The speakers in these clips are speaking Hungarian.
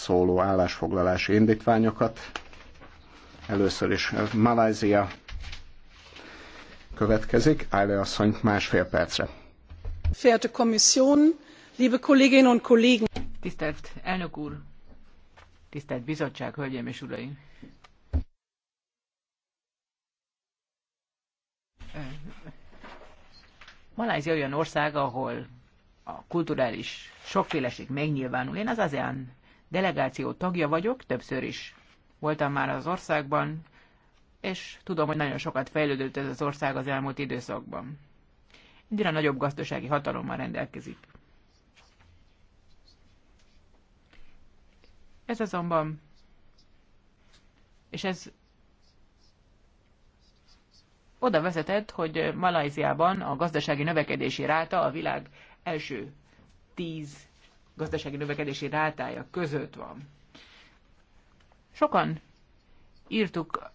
szóló állásfoglalási indítványokat. Először is eh, Malázia következik. Ájle asszony másfél percre. Férte Kommission, liebe Kolleginnen und Kollegen! Tisztelt elnök úr, tisztelt bizottság, hölgyeim és uraim! Malázia olyan ország, ahol a kulturális sokféleség megnyilvánul. Én az ASEAN delegáció tagja vagyok, többször is voltam már az országban, és tudom, hogy nagyon sokat fejlődött ez az ország az elmúlt időszakban. Egyre nagyobb gazdasági hatalommal rendelkezik. Ez azonban, és ez oda vezetett, hogy Malajziában a gazdasági növekedési ráta a világ első tíz gazdasági növekedési rátája között van. Sokan írtuk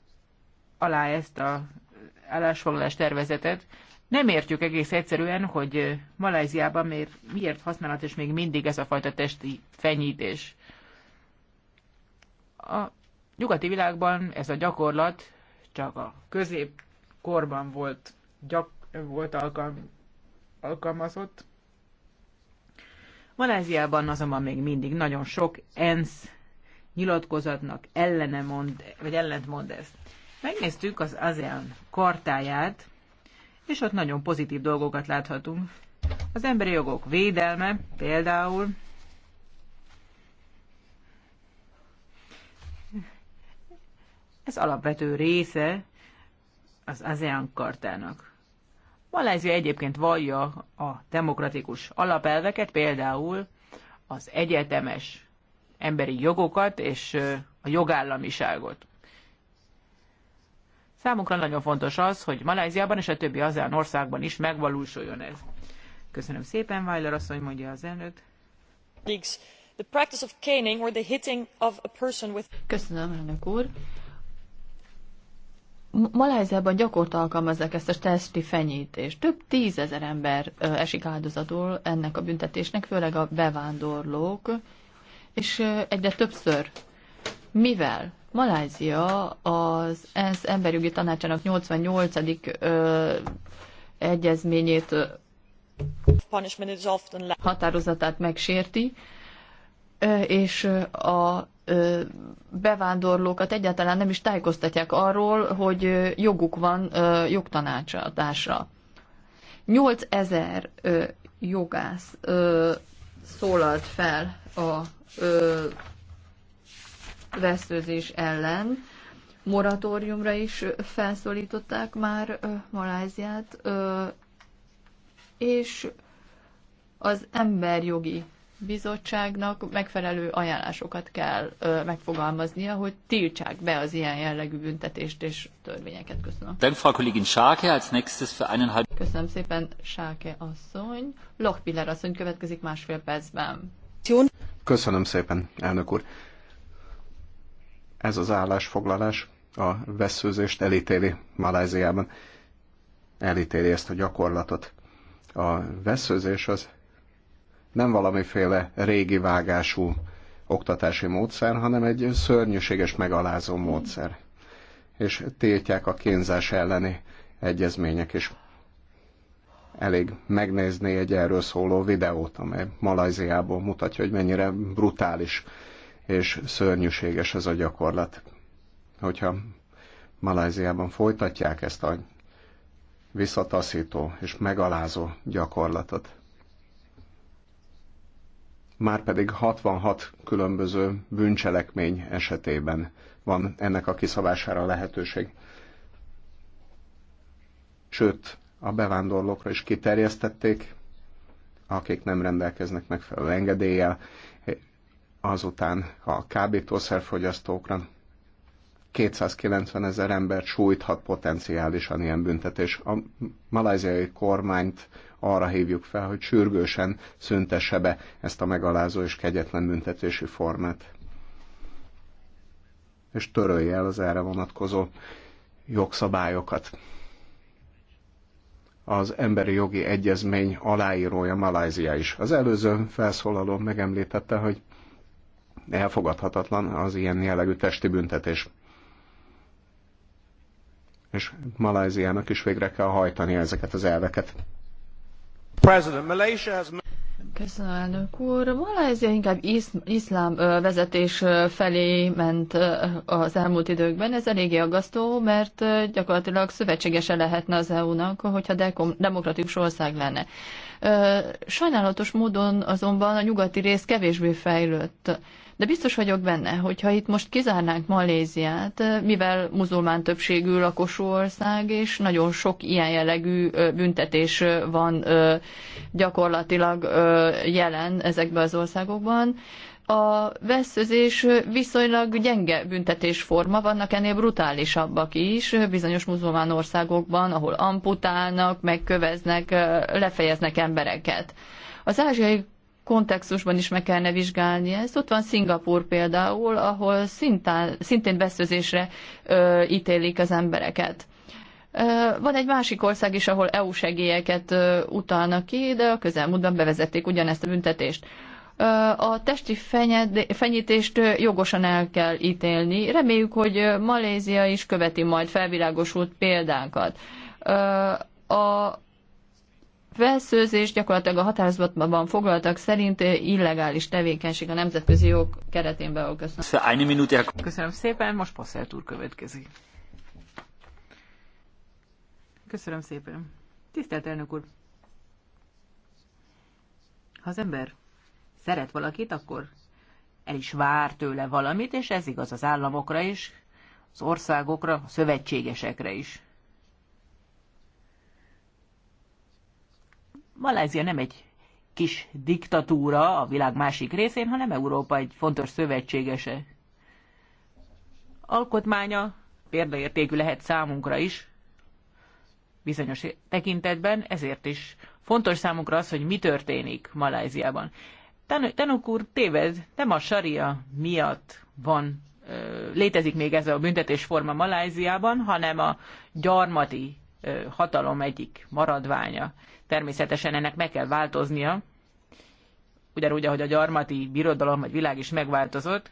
alá ezt a állásfoglalás tervezetet. Nem értjük egész egyszerűen, hogy Malajziában miért, miért és még mindig ez a fajta testi fenyítés. A nyugati világban ez a gyakorlat csak a középkorban volt, gyak, volt alkalm, alkalmazott, Maláziában azonban még mindig nagyon sok ENSZ nyilatkozatnak ellene mond, vagy ellent mond ez. Megnéztük az ASEAN kartáját, és ott nagyon pozitív dolgokat láthatunk. Az emberi jogok védelme például, ez alapvető része az ASEAN kartának. Malázia egyébként vallja a demokratikus alapelveket, például az egyetemes emberi jogokat és a jogállamiságot. Számunkra nagyon fontos az, hogy Maláziában és a többi azán országban is megvalósuljon ez. Köszönöm szépen, Weiler asszony, mondja az elnök. Köszönöm, elnök úr. Maláziában gyakorta alkalmazzák ezt a testi fenyítést. Több tízezer ember esik áldozatul ennek a büntetésnek, főleg a bevándorlók, és egyre többször. Mivel Malázia az ENSZ emberjogi tanácsának 88. Ö, egyezményét határozatát megsérti, és a bevándorlókat egyáltalán nem is tájékoztatják arról, hogy joguk van jogtanácsadásra. 8000 jogász szólalt fel a vesztőzés ellen. Moratóriumra is felszólították már Maláziát, és az emberjogi bizottságnak megfelelő ajánlásokat kell ö, megfogalmaznia, hogy tiltsák be az ilyen jellegű büntetést és törvényeket. Köszönöm. Dann Frau Kollegin Scharke, als nächstes für halb... Köszönöm szépen, Sáke asszony. Lochpiller asszony következik másfél percben. Köszönöm szépen, elnök úr. Ez az állásfoglalás a veszőzést elítéli Maláziában. Elítéli ezt a gyakorlatot. A veszőzés az nem valamiféle régi vágású oktatási módszer, hanem egy szörnyűséges megalázó módszer. És tiltják a kínzás elleni egyezmények is. Elég megnézni egy erről szóló videót, amely Malajziából mutatja, hogy mennyire brutális és szörnyűséges ez a gyakorlat. Hogyha Malajziában folytatják ezt a visszataszító és megalázó gyakorlatot, már pedig 66 különböző bűncselekmény esetében van ennek a kiszabására lehetőség. Sőt, a bevándorlókra is kiterjesztették, akik nem rendelkeznek megfelelő engedéllyel, azután a kábítószerfogyasztókra, 290 ezer embert sújthat potenciálisan ilyen büntetés. A malajziai kormányt arra hívjuk fel, hogy sürgősen szüntesse be ezt a megalázó és kegyetlen büntetési formát. És törölje el az erre vonatkozó jogszabályokat. Az emberi jogi egyezmény aláírója Malajzia is. Az előző felszólaló megemlítette, hogy elfogadhatatlan az ilyen jellegű testi büntetés és Maláziának is végre kell hajtani ezeket az elveket. Köszönöm, elnök úr. Malázia inkább isz, iszlám vezetés felé ment az elmúlt időkben. Ez eléggé aggasztó, mert gyakorlatilag szövetségese lehetne az EU-nak, hogyha dekom, demokratikus ország lenne. Sajnálatos módon azonban a nyugati rész kevésbé fejlődött de biztos vagyok benne, hogy ha itt most kizárnánk Maléziát, eh, mivel muzulmán többségű lakosú ország, és nagyon sok ilyen jellegű eh, büntetés eh, van gyakorlatilag jelen ezekben az országokban, a veszőzés viszonylag gyenge büntetésforma, vannak ennél brutálisabbak is, bizonyos muzulmán országokban, ahol amputálnak, megköveznek, lefejeznek embereket. Az ázsiai kontextusban is meg kellene vizsgálni ezt. Ott van Szingapur például, ahol szintán, szintén beszőzésre ö, ítélik az embereket. Van egy másik ország is, ahol EU segélyeket utalnak ki, de a közelmúltban bevezették ugyanezt a büntetést. A testi fenyítést jogosan el kell ítélni. Reméljük, hogy Malézia is követi majd felvilágosult példánkat. A felszőzés gyakorlatilag a határozatban foglaltak szerint illegális tevékenység a nemzetközi jog keretén belül. Köszönöm. Szóval Köszönöm szépen, most Passzelt úr következik. Köszönöm szépen. Tisztelt elnök úr! Ha az ember szeret valakit, akkor el is vár tőle valamit, és ez igaz az államokra is, az országokra, a szövetségesekre is. Malázia nem egy kis diktatúra a világ másik részén, hanem Európa egy fontos szövetségese. Alkotmánya példaértékű lehet számunkra is, bizonyos tekintetben, ezért is fontos számunkra az, hogy mi történik Maláziában. Tanuk úr téved, nem a saria miatt van, létezik még ez a büntetésforma Maláziában, hanem a gyarmati hatalom egyik maradványa. Természetesen ennek meg kell változnia, ugyanúgy, ahogy a gyarmati birodalom vagy világ is megváltozott.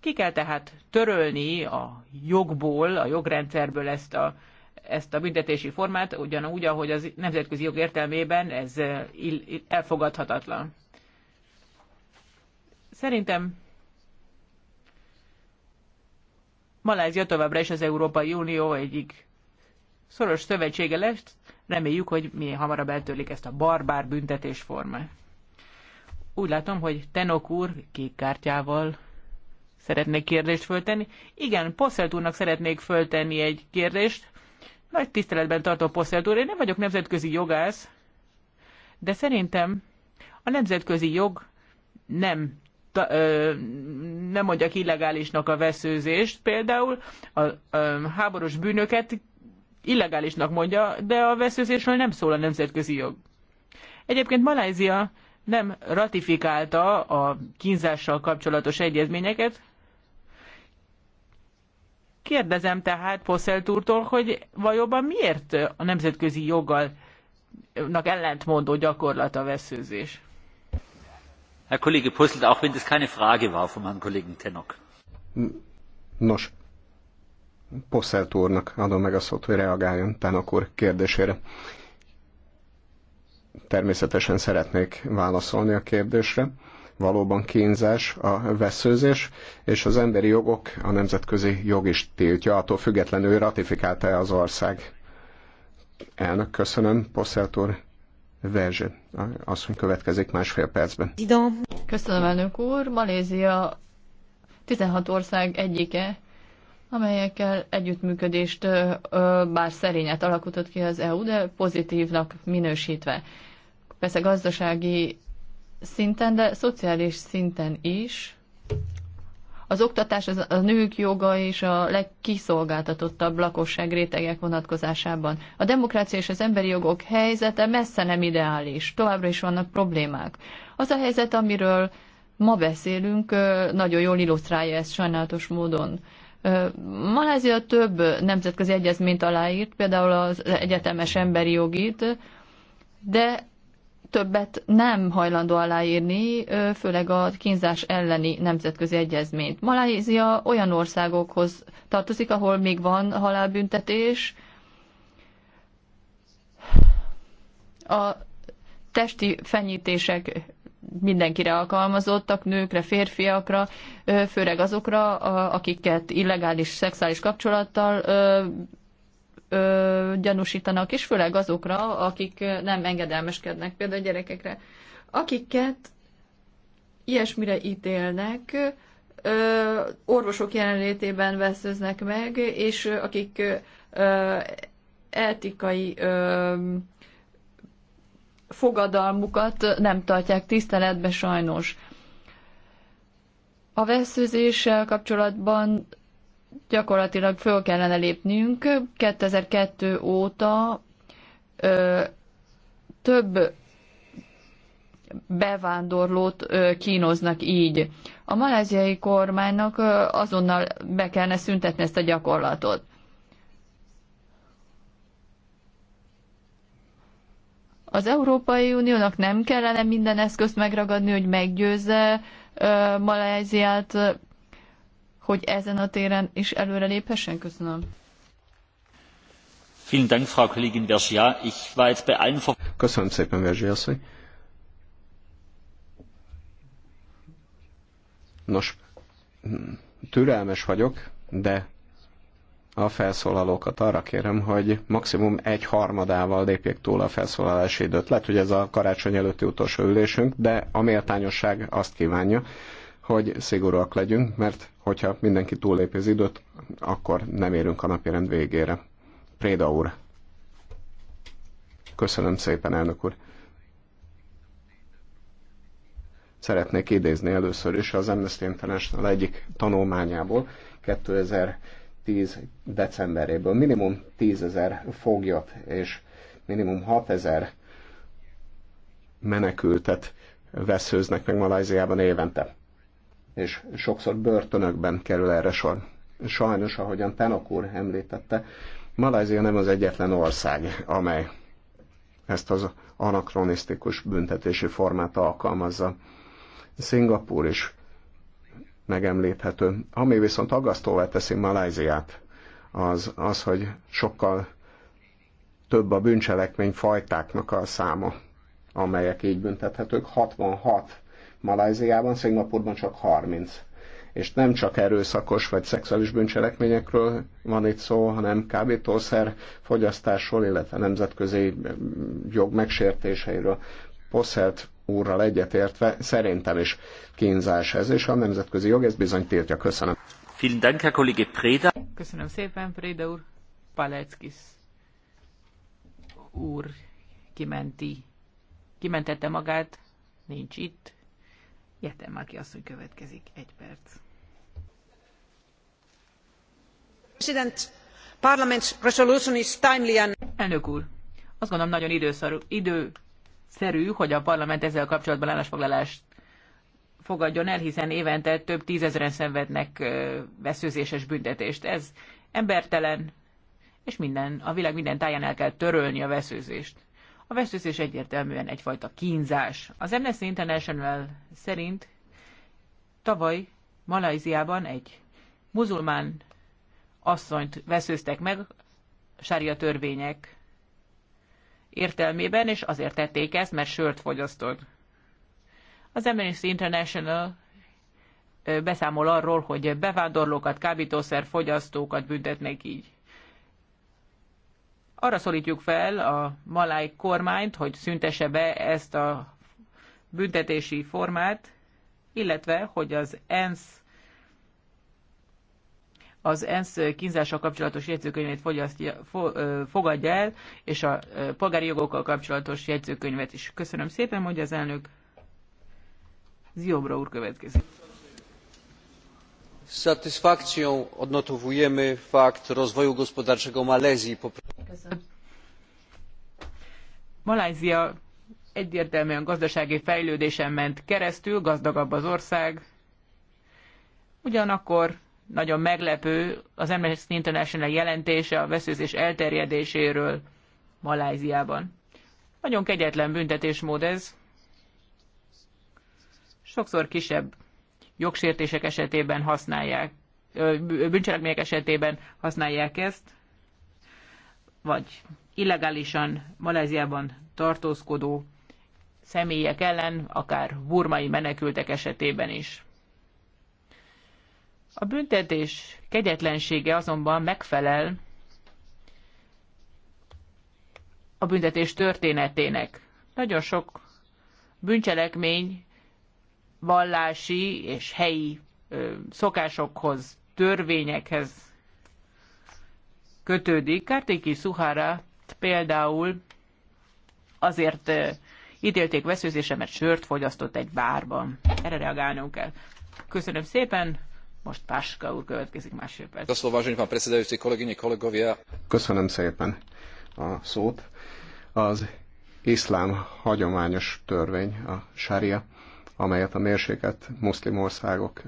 Ki kell tehát törölni a jogból, a jogrendszerből ezt a, ezt a büntetési formát, ugyanúgy, ahogy az nemzetközi jog értelmében ez elfogadhatatlan. Szerintem Malázia továbbra is az Európai Unió egyik szoros szövetsége lesz, reméljük, hogy mi hamarabb eltörlik ezt a barbár büntetésformát. Úgy látom, hogy Tenok úr kék kártyával szeretnék kérdést föltenni. Igen, Posselt úrnak szeretnék föltenni egy kérdést. Nagy tiszteletben tartom Posselt úr, én nem vagyok nemzetközi jogász, de szerintem a nemzetközi jog nem ta, ö, nem mondjak illegálisnak a veszőzést, például a ö, háborús bűnöket illegálisnak mondja, de a veszőzésről nem szól a nemzetközi jog. Egyébként Malázia nem ratifikálta a kínzással kapcsolatos egyezményeket. Kérdezem tehát Posselt úrtól, hogy valóban miért a nemzetközi joggal ellentmondó gyakorlat a veszőzés? Herr Kollege Posselt, auch wenn das keine Frage war von meinem Kollegen Tenok. Nos, Posselt úrnak adom meg a szót, hogy reagáljon Tánok úr kérdésére. Természetesen szeretnék válaszolni a kérdésre. Valóban kínzás a veszőzés, és az emberi jogok a nemzetközi jog is tiltja, attól függetlenül ratifikálta-e az ország. Elnök, köszönöm, Posselt úr. Verzse, asszony következik másfél percben. Köszönöm, elnök úr. Malézia 16 ország egyike, amelyekkel együttműködést bár szerényet alakított ki az EU, de pozitívnak minősítve. Persze gazdasági szinten, de szociális szinten is. Az oktatás, az a nők joga és a legkiszolgáltatottabb lakosság rétegek vonatkozásában. A demokrácia és az emberi jogok helyzete messze nem ideális, továbbra is vannak problémák. Az a helyzet, amiről ma beszélünk, nagyon jól illusztrálja ezt sajnálatos módon. Malázia több nemzetközi egyezményt aláírt, például az egyetemes emberi jogit, de többet nem hajlandó aláírni, főleg a kínzás elleni nemzetközi egyezményt. Malázia olyan országokhoz tartozik, ahol még van halálbüntetés. A testi fenyítések mindenkire alkalmazottak, nőkre, férfiakra, főleg azokra, akiket illegális szexuális kapcsolattal gyanúsítanak, és főleg azokra, akik nem engedelmeskednek, például gyerekekre, akiket ilyesmire ítélnek, orvosok jelenlétében veszőznek meg, és akik etikai fogadalmukat nem tartják tiszteletbe sajnos. A veszőzéssel kapcsolatban gyakorlatilag föl kellene lépnünk. 2002 óta ö, több bevándorlót ö, kínoznak így. A maláziai kormánynak ö, azonnal be kellene szüntetni ezt a gyakorlatot. Az Európai Uniónak nem kellene minden eszközt megragadni, hogy meggyőzze Malajziát, hogy ezen a téren is előre léphessen? Köszönöm. Köszönöm szépen, Verzsi asszony. Nos, hm, türelmes vagyok, de a felszólalókat arra kérem, hogy maximum egy harmadával lépjék túl a felszólalási időt. Lehet, hogy ez a karácsony előtti utolsó ülésünk, de a méltányosság azt kívánja, hogy szigorúak legyünk, mert hogyha mindenki túllépi az időt, akkor nem érünk a napirend végére. Préda úr. Köszönöm szépen, elnök úr. Szeretnék idézni először is az Amnesty International egyik tanulmányából 2000 10 decemberéből minimum 10 ezer foglyot és minimum 6 ezer menekültet veszőznek meg Malajziában évente. És sokszor börtönökben kerül erre sor. Sajnos, ahogyan Tanok úr említette, Malajzia nem az egyetlen ország, amely ezt az anakronisztikus büntetési formát alkalmazza. Szingapúr is megemlíthető. Ami viszont aggasztóvá teszi Maláziát, az az, hogy sokkal több a bűncselekmény fajtáknak a száma, amelyek így büntethetők. 66 Maláziában, Szingapurban csak 30. És nem csak erőszakos vagy szexuális bűncselekményekről van itt szó, hanem kábítószer fogyasztásról, illetve nemzetközi jog megsértéseiről. Poszelt úrral egyetértve szerintem is kínzás ez, és a nemzetközi jog ezt bizony tiltja. Köszönöm. Köszönöm szépen, Préda úr. Paleckis úr kimenti, kimentette magát, nincs itt. Jettem már ki azt, hogy következik egy perc. President, parliament resolution is timely and... Elnök úr, azt gondolom nagyon időszerű, idő szerű, hogy a parlament ezzel kapcsolatban állásfoglalást fogadjon el, hiszen évente több tízezeren szenvednek veszőzéses büntetést. Ez embertelen, és minden, a világ minden táján el kell törölni a veszőzést. A veszőzés egyértelműen egyfajta kínzás. Az Amnesty International szerint tavaly Malajziában egy muzulmán asszonyt veszőztek meg sária törvények értelmében, és azért tették ezt, mert sört fogyasztott. Az Amnesty International beszámol arról, hogy bevándorlókat, kábítószer fogyasztókat büntetnek így. Arra szólítjuk fel a maláj kormányt, hogy szüntesse be ezt a büntetési formát, illetve hogy az ENSZ az ENSZ kínzással kapcsolatos jegyzőkönyvét fogyasztja, fo, fogadja el, és a polgári jogokkal kapcsolatos jegyzőkönyvet is. Köszönöm szépen, mondja az elnök. Ziobra úr következik. Satisfakcją odnotowujemy fakt rozwoju gospodarczego Malezji. Malázia egyértelműen gazdasági fejlődésen ment keresztül, gazdagabb az ország. Ugyanakkor nagyon meglepő az Amnesty International jelentése a veszőzés elterjedéséről Maláziában. Nagyon kegyetlen büntetésmód ez. Sokszor kisebb jogsértések esetében használják, bűncselekmények esetében használják ezt, vagy illegálisan Maláziában tartózkodó személyek ellen, akár burmai menekültek esetében is. A büntetés kegyetlensége azonban megfelel a büntetés történetének. Nagyon sok bűncselekmény vallási és helyi szokásokhoz, törvényekhez kötődik. Kártéki Szuhára például azért ítélték veszőzése, mert sört fogyasztott egy bárban. Erre reagálnunk kell. Köszönöm szépen! Most Páska úr következik másfél perc. Köszönöm szépen a szót. Az iszlám hagyományos törvény, a sária, amelyet a mérséket muszlim országok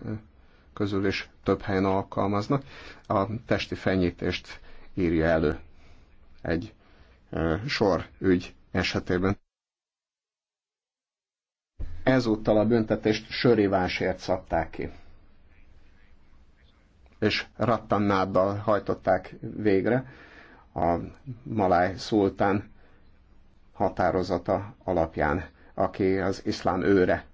közül is több helyen alkalmaznak, a testi fenyítést írja elő egy sor ügy esetében. Ezúttal a büntetést sörivásért szabták ki és Rattannáddal hajtották végre a maláj szultán határozata alapján, aki az iszlám őre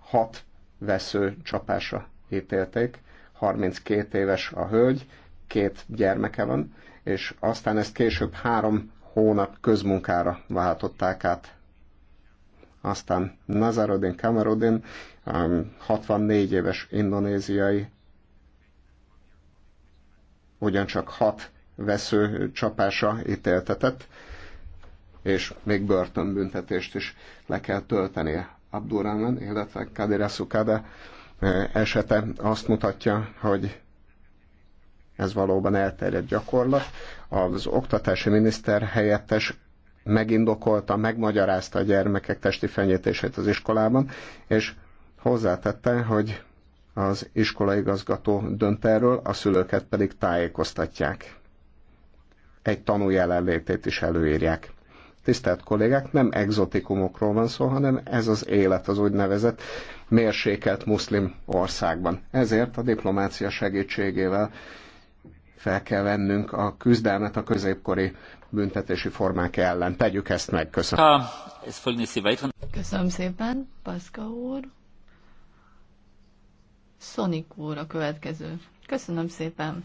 hat vesző csapásra ítélték, 32 éves a hölgy, két gyermeke van, és aztán ezt később három hónap közmunkára váltották át. Aztán Nazarodin Kamarodin, 64 um, éves indonéziai ugyancsak hat vesző csapása ítéltetett, és még börtönbüntetést is le kell töltenie. Abdurrahman, illetve Kadir Asukada eh, esete azt mutatja, hogy ez valóban elterjedt gyakorlat. Az oktatási miniszter helyettes megindokolta, megmagyarázta a gyermekek testi fenyítését az iskolában, és hozzátette, hogy az iskolaigazgató dönt erről, a szülőket pedig tájékoztatják. Egy tanú jelenlétét is előírják. Tisztelt kollégák, nem exotikumokról van szó, hanem ez az élet az úgynevezett mérsékelt muszlim országban. Ezért a diplomácia segítségével fel kell vennünk a küzdelmet a középkori büntetési formák ellen. Tegyük ezt meg. Köszönöm. Köszönöm szépen, Paszka úr. Sonic úr a következő. Köszönöm szépen.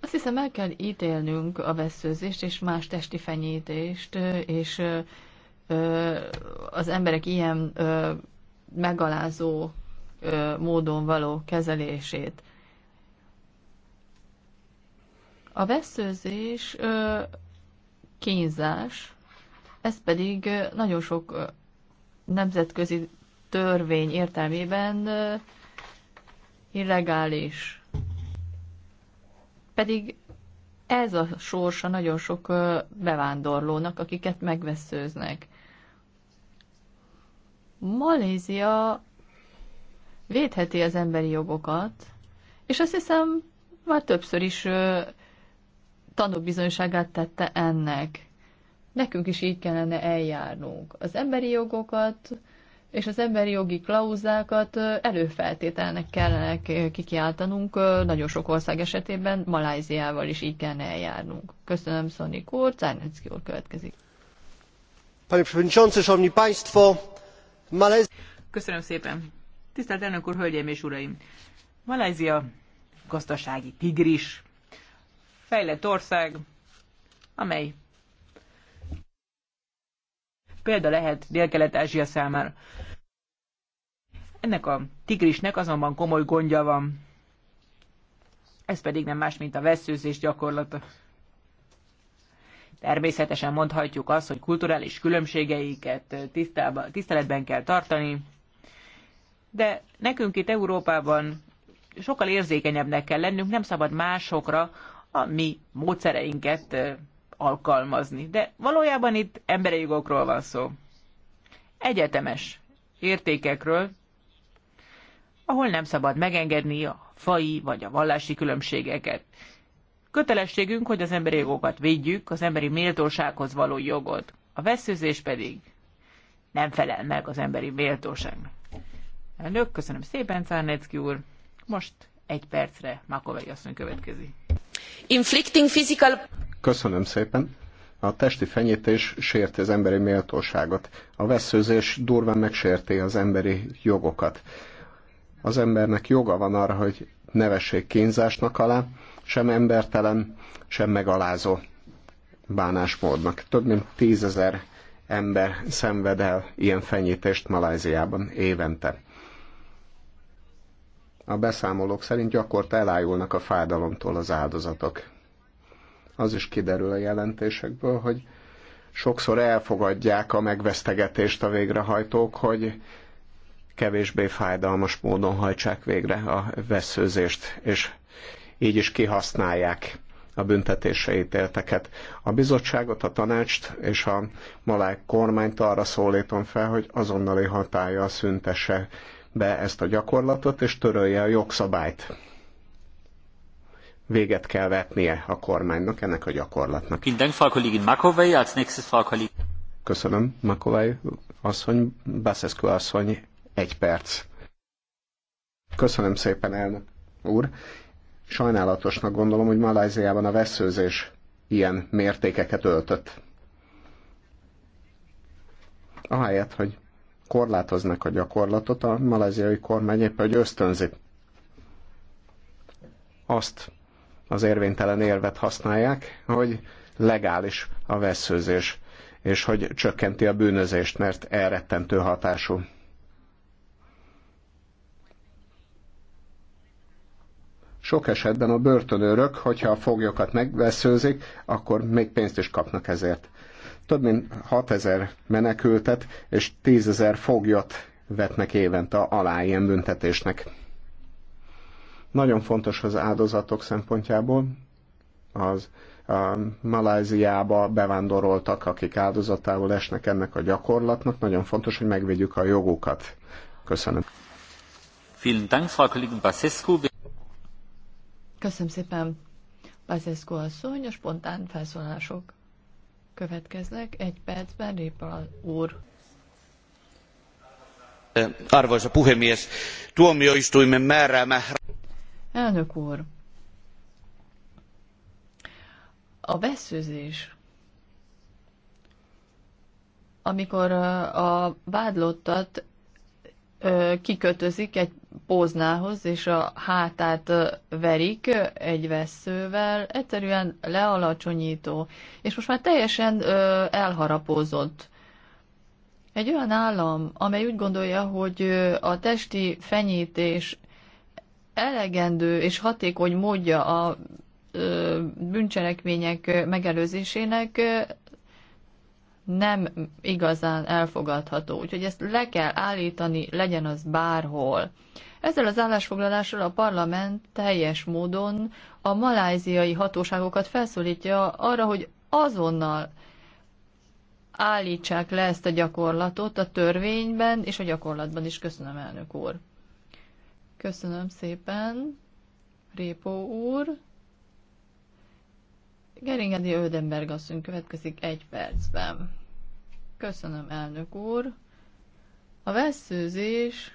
Azt hiszem, el kell ítélnünk a veszőzést és más testi fenyítést, és az emberek ilyen megalázó módon való kezelését. A veszőzés kínzás, ez pedig nagyon sok nemzetközi törvény értelmében illegális. Pedig ez a sorsa nagyon sok bevándorlónak, akiket megveszőznek. Malézia védheti az emberi jogokat, és azt hiszem, már többször is tanúbizonyságát tette ennek. Nekünk is így kellene eljárnunk. Az emberi jogokat, és az emberi jogi klauzákat előfeltételnek kellene kikiáltanunk, nagyon sok ország esetében Maláziával is így kellene eljárnunk. Köszönöm Szonik Kór, Czárnecki úr következik. Köszönöm szépen. Tisztelt elnök úr, hölgyeim és uraim! Malázia gazdasági tigris, fejlett ország, amely példa lehet Dél-Kelet-Ázsia számára. Ennek a tigrisnek azonban komoly gondja van. Ez pedig nem más, mint a veszőzés gyakorlata. Természetesen mondhatjuk azt, hogy kulturális különbségeiket tiszteletben kell tartani, de nekünk itt Európában sokkal érzékenyebbnek kell lennünk, nem szabad másokra a mi módszereinket alkalmazni. De valójában itt emberi jogokról van szó. Egyetemes értékekről, ahol nem szabad megengedni a fai vagy a vallási különbségeket. Kötelességünk, hogy az emberi jogokat védjük, az emberi méltósághoz való jogot. A veszőzés pedig nem felel meg az emberi méltóságnak. Elnök, köszönöm szépen, Czárnecki úr. Most egy percre Makovei asszony következik. Inflicting physical... Köszönöm szépen. A testi fenyítés sérti az emberi méltóságot. A veszőzés durván megsérti az emberi jogokat. Az embernek joga van arra, hogy nevessék kínzásnak alá, sem embertelen, sem megalázó bánásmódnak. Több mint tízezer ember szenved el ilyen fenyítést Maláziában évente. A beszámolók szerint gyakorta elájulnak a fájdalomtól az áldozatok az is kiderül a jelentésekből, hogy sokszor elfogadják a megvesztegetést a végrehajtók, hogy kevésbé fájdalmas módon hajtsák végre a veszőzést, és így is kihasználják a büntetésre ítélteket. A bizottságot, a tanácst és a malák kormányt arra szólítom fel, hogy azonnali hatája szüntesse be ezt a gyakorlatot, és törölje a jogszabályt véget kell vetnie a kormánynak ennek a gyakorlatnak. Köszönöm, Makovai asszony, Basescu asszony, egy perc. Köszönöm szépen, elnök úr. Sajnálatosnak gondolom, hogy Malajziában a veszőzés ilyen mértékeket öltött. Ahelyett, hogy korlátoznak a gyakorlatot, a maleziai kormány éppen, hogy ösztönzi azt, az érvénytelen érvet használják, hogy legális a veszőzés, és hogy csökkenti a bűnözést, mert elrettentő hatású. Sok esetben a börtönőrök, hogyha a foglyokat megveszőzik, akkor még pénzt is kapnak ezért. Több mint 6000 menekültet és 10 ezer foglyot vetnek évente alá ilyen büntetésnek. Nagyon fontos az áldozatok szempontjából, az a Maláziába bevándoroltak, akik áldozatául esnek ennek a gyakorlatnak. Nagyon fontos, hogy megvédjük a jogukat. Köszönöm. Köszönöm szépen. Bazescu asszony, a spontán felszólások következnek. Egy percben Répal úr. Arvoisa puhemies, tuomioistuimen määräämä Elnök úr, a veszőzés, amikor a vádlottat kikötözik egy póznához, és a hátát verik egy veszővel, egyszerűen lealacsonyító, és most már teljesen elharapózott. Egy olyan állam, amely úgy gondolja, hogy a testi fenyítés elegendő és hatékony módja a bűncselekmények megelőzésének nem igazán elfogadható. Úgyhogy ezt le kell állítani, legyen az bárhol. Ezzel az állásfoglalással a parlament teljes módon a maláziai hatóságokat felszólítja arra, hogy azonnal állítsák le ezt a gyakorlatot a törvényben és a gyakorlatban is. Köszönöm, elnök úr! Köszönöm szépen, Répó úr. Geringedi Ödenberg asszony következik egy percben. Köszönöm, elnök úr. A veszőzés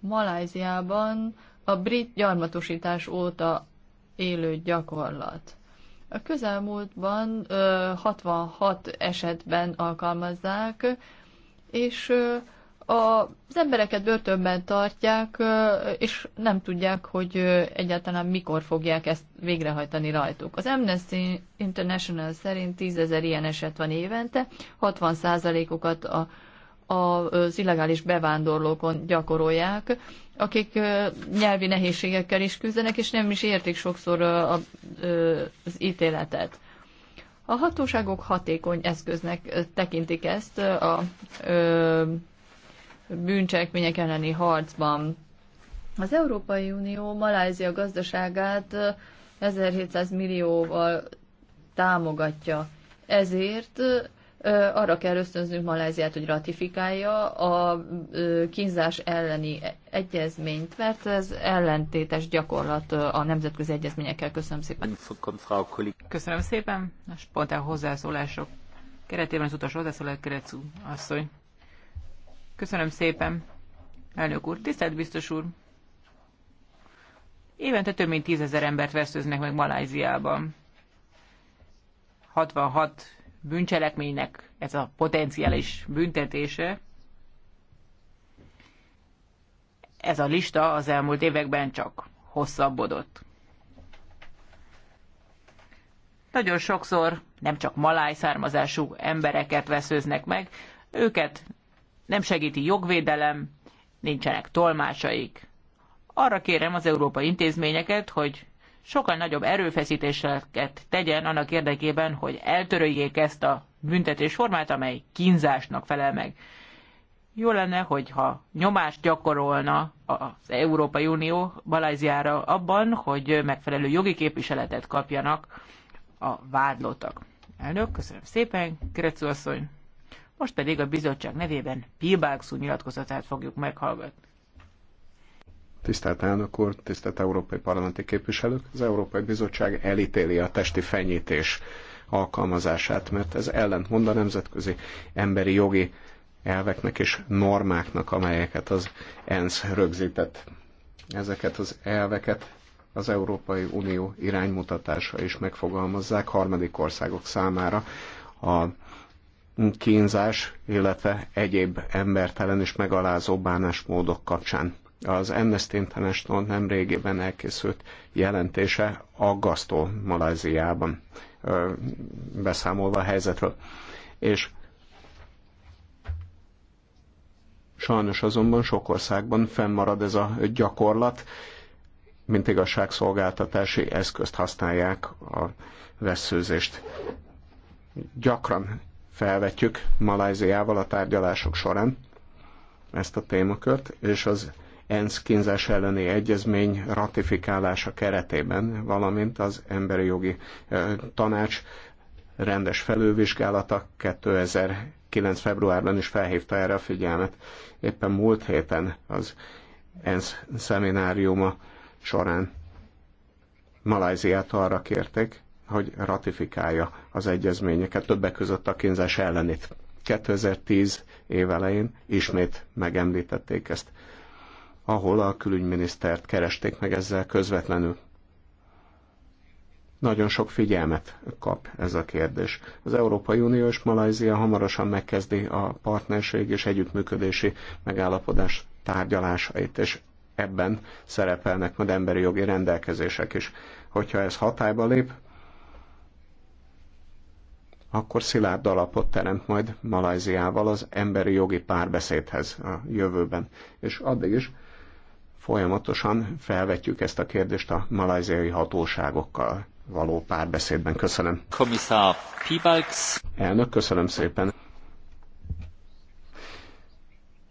Malajziában a brit gyarmatosítás óta élő gyakorlat. A közelmúltban 66 esetben alkalmazzák, és az embereket börtönben tartják, és nem tudják, hogy egyáltalán mikor fogják ezt végrehajtani rajtuk. Az Amnesty International szerint 10 ezer ilyen eset van évente, 60 okat a, a, az illegális bevándorlókon gyakorolják, akik nyelvi nehézségekkel is küzdenek, és nem is értik sokszor az ítéletet. A hatóságok hatékony eszköznek tekintik ezt a bűncselekmények elleni harcban. Az Európai Unió Malázia gazdaságát 1700 millióval támogatja. Ezért arra kell ösztönznünk Maláziát, hogy ratifikálja a kínzás elleni egyezményt, mert ez ellentétes gyakorlat a nemzetközi egyezményekkel. Köszönöm szépen. Köszönöm szépen. A spontán hozzászólások keretében az utolsó hozzászólás Kerecu asszony. Köszönöm szépen, elnök úr. Tisztelt biztos úr! Évente több mint tízezer embert vesztőznek meg Maláziában. 66 bűncselekménynek ez a potenciális büntetése. Ez a lista az elmúlt években csak hosszabbodott. Nagyon sokszor nem csak maláj származású embereket veszőznek meg, őket nem segíti jogvédelem, nincsenek tolmásaik. Arra kérem az európai intézményeket, hogy sokkal nagyobb erőfeszítéseket tegyen annak érdekében, hogy eltöröljék ezt a büntetésformát, amely kínzásnak felel meg. Jó lenne, hogyha nyomást gyakorolna az Európai Unió Malajziára abban, hogy megfelelő jogi képviseletet kapjanak a vádlottak. Elnök, köszönöm szépen, Krecu asszony. Most pedig a bizottság nevében Pilbákszú nyilatkozatát fogjuk meghallgatni. Tisztelt elnök úr, tisztelt európai parlamenti képviselők, az Európai Bizottság elítéli a testi fenyítés alkalmazását, mert ez ellentmond a nemzetközi emberi jogi elveknek és normáknak, amelyeket az ENSZ rögzített. Ezeket az elveket az Európai Unió iránymutatása is megfogalmazzák harmadik országok számára a kínzás, illetve egyéb embertelen és megalázó bánásmódok kapcsán. Az Amnesty International nem régében elkészült jelentése aggasztó Maláziában beszámolva a helyzetről. És Sajnos azonban sok országban fennmarad ez a gyakorlat, mint igazságszolgáltatási eszközt használják a veszőzést. Gyakran felvetjük Maláziával a tárgyalások során ezt a témakört, és az ENSZ kínzás elleni egyezmény ratifikálása keretében, valamint az Emberi Jogi Tanács rendes felülvizsgálata 2009. februárban is felhívta erre a figyelmet. Éppen múlt héten az ENSZ szemináriuma során Malajziát arra kérték, hogy ratifikálja az egyezményeket, többek között a kínzás ellenét. 2010 év elején ismét megemlítették ezt ahol a külügyminisztert keresték meg ezzel közvetlenül. Nagyon sok figyelmet kap ez a kérdés. Az Európai Unió és Malajzia hamarosan megkezdi a partnerség és együttműködési megállapodás tárgyalásait, és ebben szerepelnek majd emberi jogi rendelkezések is. Hogyha ez hatályba lép, akkor szilárd alapot teremt majd Malajziával az emberi jogi párbeszédhez a jövőben. És addig is folyamatosan felvetjük ezt a kérdést a malajziai hatóságokkal való párbeszédben. Köszönöm. Komisszár Pibalks. Elnök, köszönöm szépen.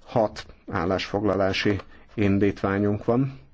Hat állásfoglalási indítványunk van.